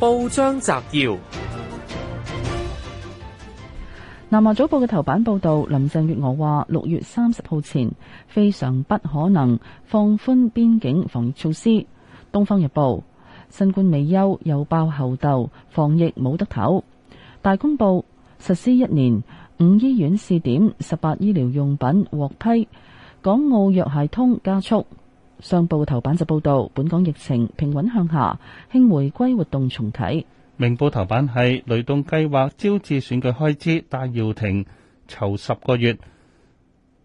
報章摘要：南華早報嘅頭版報道，林鄭月娥話六月三十號前非常不可能放寬邊境防疫措施。東方日報：新冠未休，又爆后鬥，防疫冇得唞。大公報：實施一年，五醫院試點，十八醫療用品獲批。港澳藥械通加速。上報頭版就報道，本港疫情平穩向下，慶回歸活動重啟。明報頭版係雷動計劃招致選舉開支，戴耀廷籌十個月。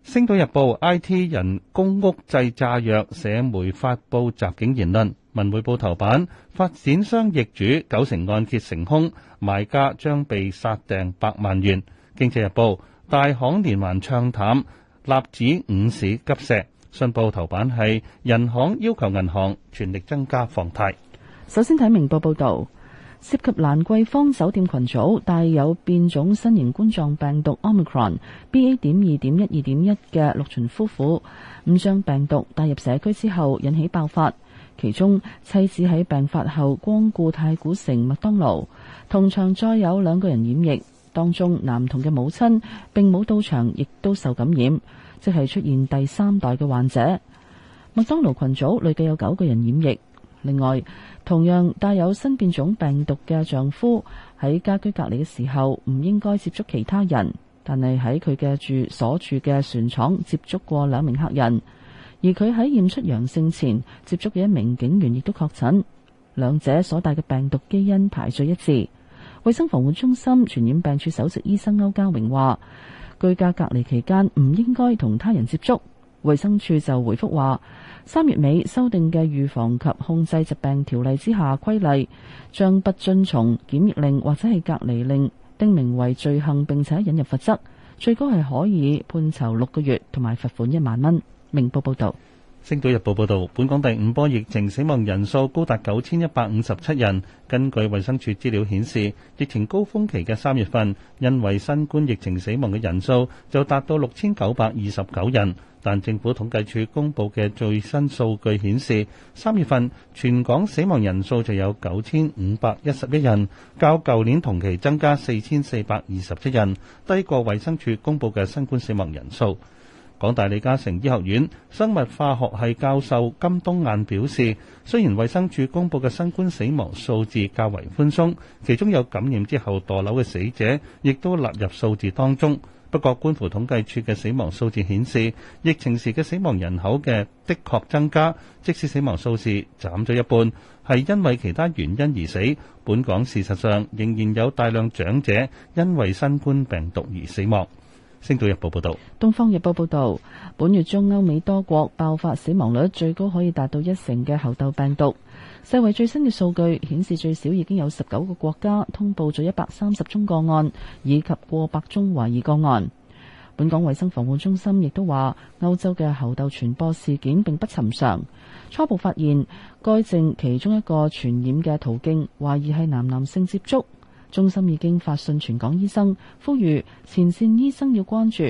星島日報 I T 人公屋製炸藥，社媒發布襲警言論。文匯報頭版，發展商易主九成按揭成空，買家將被殺訂百萬元。經濟日報，大行連環唱淡，納指五市急瀉。信報頭版係人行要求銀行全力增加房貸。首先睇明報報導，涉及蘭桂坊酒店群組帶有變種新型冠狀病毒 Omicron BA. 點二點一二點一嘅六旬夫婦誤將病毒帶入社區，之後引起爆發，其中妻子喺病發後光顧太古城麥當勞，同場再有兩個人染疫，當中男童嘅母親並冇到場，亦都受感染。即係出現第三代嘅患者，麥當勞群組累計有九個人染疫。另外，同樣帶有新變種病毒嘅丈夫喺家居隔離嘅時候，唔應該接觸其他人。但係喺佢嘅住所住嘅船廠接觸過兩名客人，而佢喺驗出陽性前接觸嘅一名警員亦都確診，兩者所帶嘅病毒基因排序一致。衛生防護中心傳染病處首席醫生歐家榮話。居家隔離期間唔應該同他人接觸。衛生署就回覆話：三月尾修訂嘅預防及控制疾病條例之下規例，將不遵從檢疫令或者係隔離令，定名為罪行並且引入罰則，最高係可以判囚六個月同埋罰款一萬蚊。明報報導。星島日報報導，本港第五波疫情死亡人數高達九千一百五十七人。根據衛生署資料顯示，疫情高峰期嘅三月份，因為新冠疫情死亡嘅人數就達到六千九百二十九人。但政府統計處公布嘅最新數據顯示，三月份全港死亡人數就有九千五百一十一人，較舊年同期增加四千四百二十七人，低過衛生署公布嘅新冠死亡人數。港大李嘉誠醫學院生物化學系教授金冬雁表示，雖然衛生署公布嘅新冠死亡數字較為寬鬆，其中有感染之後墮樓嘅死者亦都納入數字當中，不過觀乎，統計處嘅死亡數字顯示疫情時嘅死亡人口的的確增加，即使死亡數字減咗一半係因為其他原因而死，本港事實上仍然有大量長者因為新冠病毒而死亡。星島日報報道，東方日報報道，本月中歐美多國爆發死亡率最高可以達到一成嘅猴痘病毒。世衛最新嘅數據顯示，最少已經有十九個國家通報咗一百三十宗個案，以及過百宗懷疑個案。本港衛生防護中心亦都話，歐洲嘅猴痘傳播事件並不尋常。初步發現，該症其中一個傳染嘅途徑，懷疑係男男性接觸。中心已經發信全港醫生，呼籲前線醫生要關注。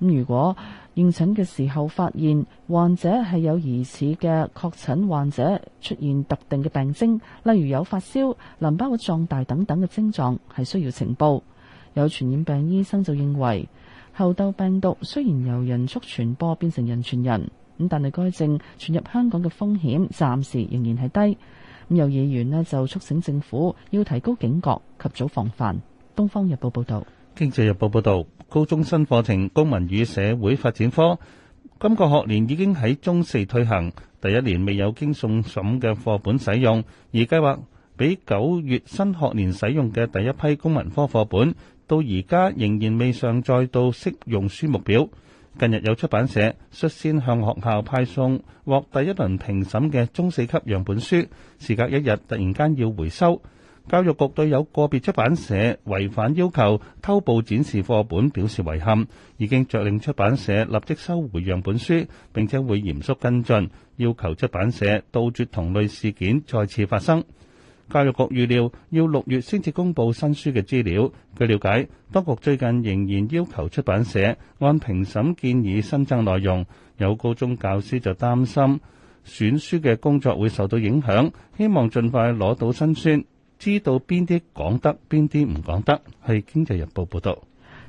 咁如果應診嘅時候發現患者係有疑似嘅確診患者出現特定嘅病徵，例如有發燒、淋巴嘅腫大等等嘅症狀，係需要呈報。有傳染病醫生就認為，猴痘病毒雖然由人畜傳播變成人傳人，咁但係該症傳入香港嘅風險暫時仍然係低。咁有議員呢就促請政府要提高警覺，及早防範。《東方日報》報導，《經濟日報》報導，高中新課程《公民與社會發展科》今個學年已經喺中四推行，第一年未有經送審嘅課本使用，而計劃畀九月新學年使用嘅第一批公民科課本，到而家仍然未上載到適用書目表。近日有出版社率先向學校派送獲第一輪評審嘅中四級樣本書，時隔一日突然間要回收。教育局對有個別出版社違反要求偷步展示課本表示遺憾，已經著令出版社立即收回樣本書，並且會嚴肅跟進，要求出版社杜絕同類事件再次發生。教育局預料要六月先至公布新書嘅資料。據了解，當局最近仍然要求出版社按評審建議新增內容。有高中教師就擔心選書嘅工作會受到影響，希望盡快攞到新書，知道邊啲講得，邊啲唔講得。係經濟日報報道。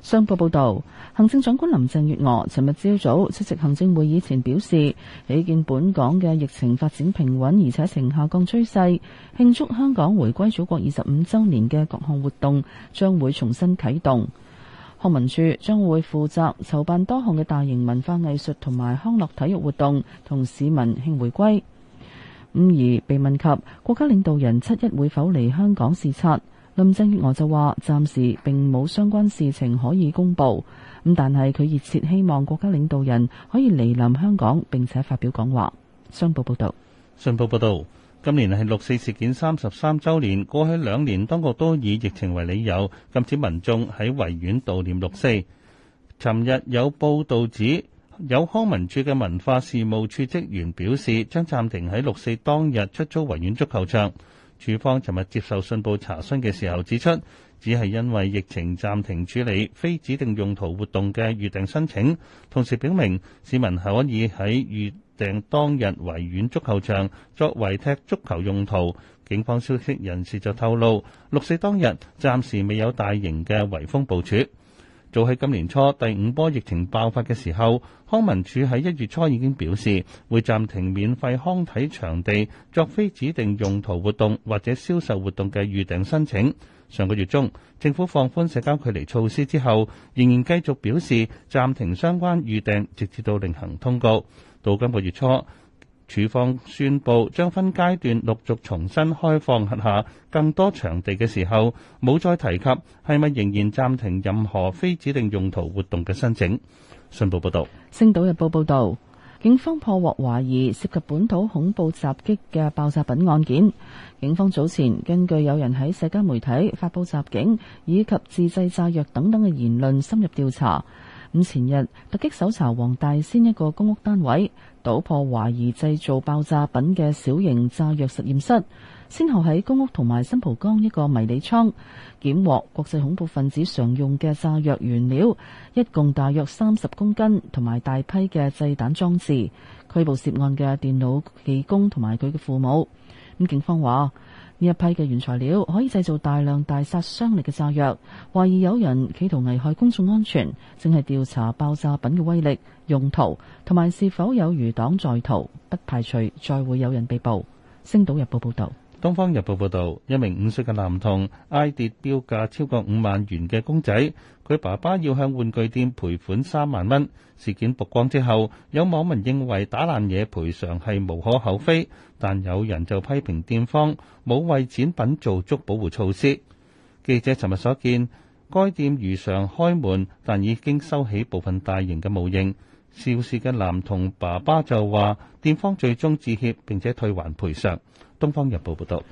商報報道，行政長官林鄭月娥尋日朝早出席行政會議前表示，喜見本港嘅疫情發展平穩，而且呈下降趨勢，慶祝香港回歸祖國二十五周年嘅各項活動將會重新啟動。康文署將會負責籌辦多項嘅大型文化藝術同埋康樂體育活動，同市民慶回歸。五而被問及國家領導人七一會否嚟香港視察？林鄭月娥就話：暫時並冇相關事情可以公布，咁但係佢熱切希望國家領導人可以蒞臨香港並且發表講話。商報報道。信報報導，今年係六四事件三十三周年，過去兩年，當局都以疫情為理由禁止民眾喺維園悼念六四。尋日有報道指，有康文署嘅文化事務處職員表示，將暫停喺六四當日出租維園足球場。署方尋日接受信報查詢嘅時候指出，只係因為疫情暫停處理非指定用途活動嘅預訂申請。同時表明市民可以喺預訂當日維園足球場作為踢足球用途。警方消息人士就透露，六四當日暫時未有大型嘅圍封部署。早喺今年初第五波疫情爆發嘅時候，康文署喺一月初已經表示會暫停免費康體場地作非指定用途活動或者銷售活動嘅預訂申請。上個月中，政府放寬社交距離措施之後，仍然繼續表示暫停相關預訂，直至到另行通告。到今個月初，處方宣佈將分階段陸續重新開放轄下更多場地嘅時候，冇再提及係咪仍然暫停任何非指定用途活動嘅申請。信報報導，星島日報報道，警方破獲懷疑涉，涉及本土恐怖襲擊嘅爆炸品案件。警方早前根據有人喺社交媒體發布襲警以及自製炸藥等等嘅言論，深入調查。咁前日突擊搜查黃大仙一個公屋單位，搗破懷疑製造爆炸品嘅小型炸藥實驗室，先後喺公屋同埋新蒲崗一個迷你倉，檢獲國際恐怖分子常用嘅炸藥原料，一共大約三十公斤，同埋大批嘅製彈裝置，拘捕涉案嘅電腦技工同埋佢嘅父母。咁警方話。呢一批嘅原材料可以製造大量大殺傷力嘅炸藥，懷疑有人企圖危害公眾安全，正係調查爆炸品嘅威力、用途同埋是否有餘黨在逃，不排除再會有人被捕。《星島日報》報道。《東方日報》報導，一名五歲嘅男童嗌跌標價超過五萬元嘅公仔，佢爸爸要向玩具店賠款三萬蚊。事件曝光之後，有網民認為打爛嘢賠償係無可厚非，但有人就批評店方冇為展品做足保護措施。記者尋日所見，該店如常開門，但已經收起部分大型嘅模型。肇事嘅男童爸爸就話，店方最終致歉，並且退還賠償。東方日報報道。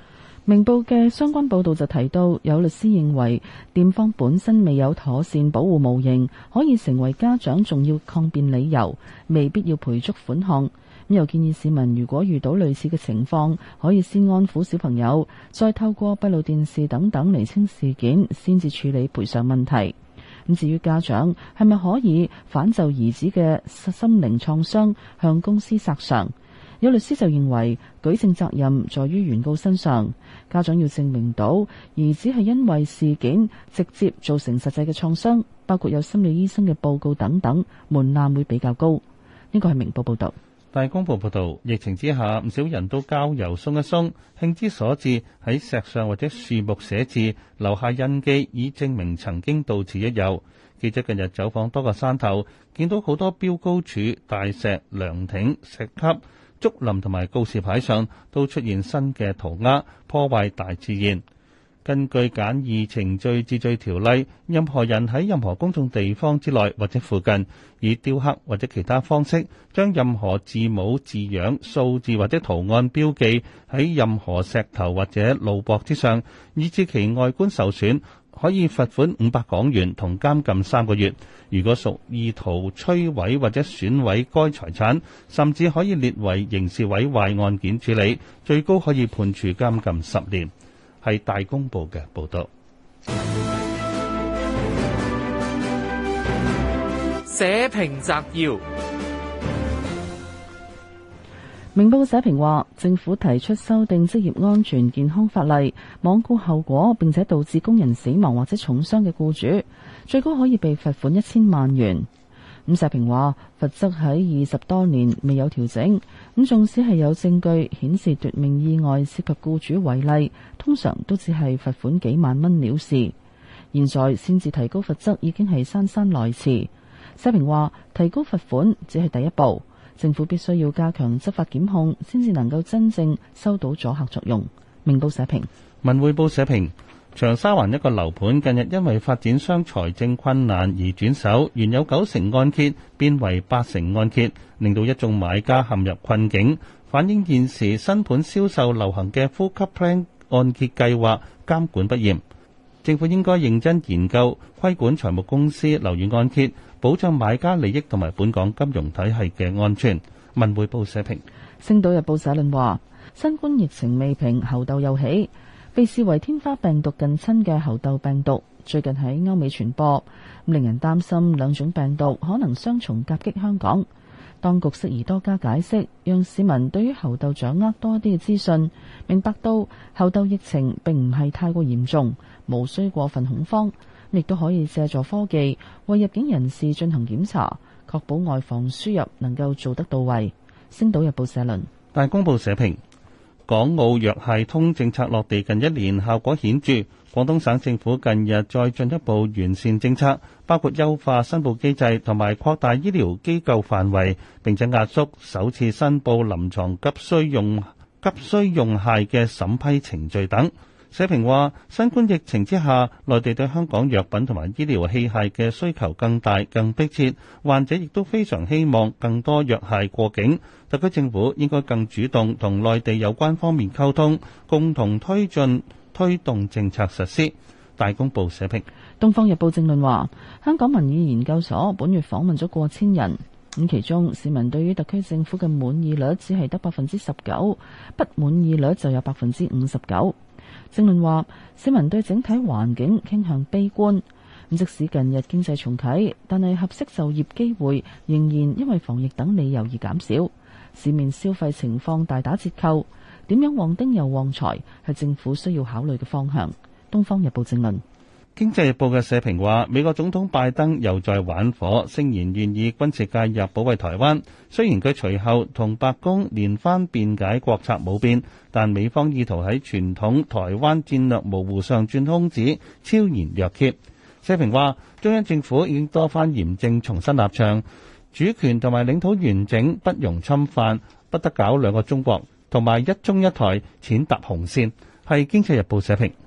明報嘅相關報道就提到，有律師認為店方本身未有妥善保護模型，可以成為家長重要抗辯理由，未必要賠足款項。又建議市民如果遇到類似嘅情況，可以先安撫小朋友，再透過閉路電視等等厘清事件，先至處理賠償問題。咁至於家長係咪可以反就兒子嘅心靈創傷向公司索償？有律師就認為舉證責任在於原告身上，家長要證明到兒子係因為事件直接造成實際嘅創傷，包括有心理醫生嘅報告等等，門檻會比較高。呢個係明報報道。大公報報導，疫情之下，唔少人都郊遊鬆一鬆，興之所至，喺石上或者樹木寫字，留下印記，以證明曾經到此一遊。記者近日走訪多個山頭，見到好多標高柱、大石、涼亭、石級、竹林同埋告示牌上都出現新嘅塗鴉，破壞大自然。根據簡易程序治罪條例，任何人喺任何公眾地方之內或者附近，以雕刻或者其他方式將任何字母、字樣、數字或者圖案標記喺任何石頭或者路樁之上，以致其外觀受損，可以罰款五百港元同監禁三個月。如果屬意圖摧毀或者損毀該財產，甚至可以列為刑事毀壞案件處理，最高可以判處監禁十年。係大公報嘅報道，社評摘要。明報社評話，政府提出修訂職業安全健康法例，罔顧後果，並且導致工人死亡或者重傷嘅僱主，最高可以被罰款一千萬元。咁社評話罰則喺二十多年未有調整，咁縱使係有證據顯示奪命意外涉及僱主違例，通常都只係罰款幾萬蚊了事。現在先至提高罰則，已經係姍姍來遲。社評話提高罰款只係第一步，政府必須要加強執法檢控，先至能夠真正收到阻嚇作用。明報社評、文匯報社評。長沙灣一個樓盤近日因為發展商財政困難而轉手，原有九成按揭變為八成按揭，令到一眾買家陷入困境，反映現時新盤銷售流行嘅呼吸 plan 按揭計劃監管不嚴。政府應該認真研究規管財務公司樓宇按揭，保障買家利益同埋本港金融體系嘅安全。文匯報社評，《星島日報》社論話：新冠疫情未平，猴痘又起。被視為天花病毒近親嘅猴痘病毒最近喺歐美傳播，令人擔心兩種病毒可能雙重夾擊香港。當局適宜多加解釋，讓市民對於猴痘掌握多啲嘅資訊，明白到猴痘疫情並唔係太過嚴重，無需過分恐慌。亦都可以借助科技為入境人士進行檢查，確保外防輸入能夠做得到位。星島日報社論，大公報社評。港澳藥械通政策落地近一年，效果顯著。廣東省政府近日再進一步完善政策，包括優化申報機制，同埋擴大醫療機構範圍，並且壓縮首次申報臨床急需用急需用械嘅審批程序等。社評話：新冠疫情之下，內地對香港藥品同埋醫療器械嘅需求更大、更迫切，患者亦都非常希望更多藥械過境。特區政府應該更主動同內地有關方面溝通，共同推進推動政策實施。大公報社評，《東方日報》正論話：香港民意研究所本月訪問咗過千人。咁其中，市民對於特區政府嘅滿意率只係得百分之十九，不滿意率就有百分之五十九。政論話，市民對整體環境傾向悲觀，咁即使近日經濟重啟，但係合適就業機會仍然因為防疫等理由而減少。市面消費情況大打折扣。點樣旺丁又旺財，係政府需要考慮嘅方向。《東方日報》政論。經濟日報嘅社評話：美國總統拜登又在玩火，聲言願意軍事介入保衛台灣。雖然佢隨後同白宮連番辯解國策冇變，但美方意圖喺傳統台灣戰略模糊上轉空子，昭然若揭。社評話：中央政府已經多番嚴正重新立場，主權同埋領土完整不容侵犯，不得搞兩個中國同埋一中一台，踐踏紅線。係經濟日報社評。